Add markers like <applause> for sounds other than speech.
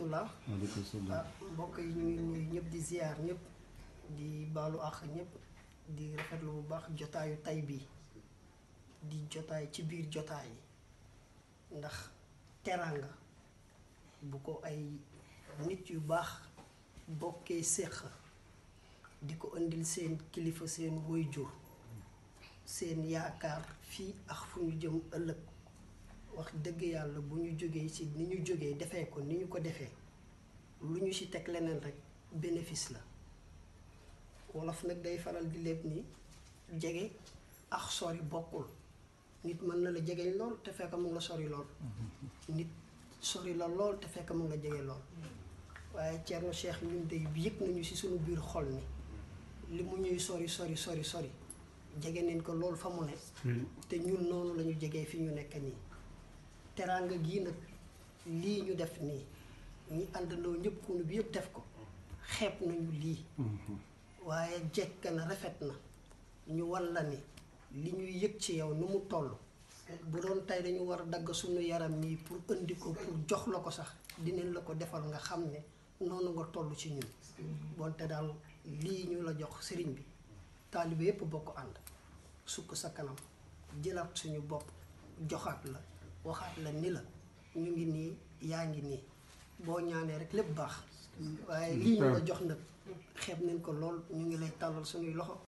rahmatullah mbokk yi ñuy nuyu ñëpp di ziar ñëpp di baalu àq ñëpp di rafetlu bu baax jotaayu tay bi di jotaay ci biir jotaay yi ndax teraanga bu ko ay nit yu baax bokkee séq di ko indil seen kilifa seen woy jur seen yaakaar fii ak fu ñu jëm ëllëg wax dëgg yàlla bu ñu jógee si ni ñu jógee defee ko ni ñu ko defee lu ñu ci teg leneen rek bénéfice la wolof nag day faral di lépp ni jege ak sori bokkul nit mën na la jegeñ lool te fekk mu ngi sori lool <laughs> nit sori la lool te fekk mu ngi la jege lool waaye Thierno Cheikh ñun day yëg nañu ci suñu biir xol ni li mu ñuy sori sori sori sori jege neen ko lool fa mu ne hmm. te ñun noonu lañu jege fi ñu nekk nii teraanga gii nag lii ñu def nii ñi àndandoo ñëpp kunu bi yëpp def ko xeeb nañu lii mm-hmm. waaye jekk na rafet na ñu walla ni li ñuy yëg ci yow nu mu toll bu doon tey dañu war a dagg suñu yaram nii pour indi ko pour jox la ko sax dinañ la ko defal nga xam ne noonu nga toll ci ñun bonte daal lii ñu la jox sëriñ bi taalibe yépp bokk ànd sukk sa kanam jëlaat suñu bopp joxaat la waxaat la ni la ñu ngi nii yaa ngi nii boo ñaanee rek lépp baax waaye lii ñu la jox nag xeeb nañ ko lool ñu ngi lay tàllal suñuy loxo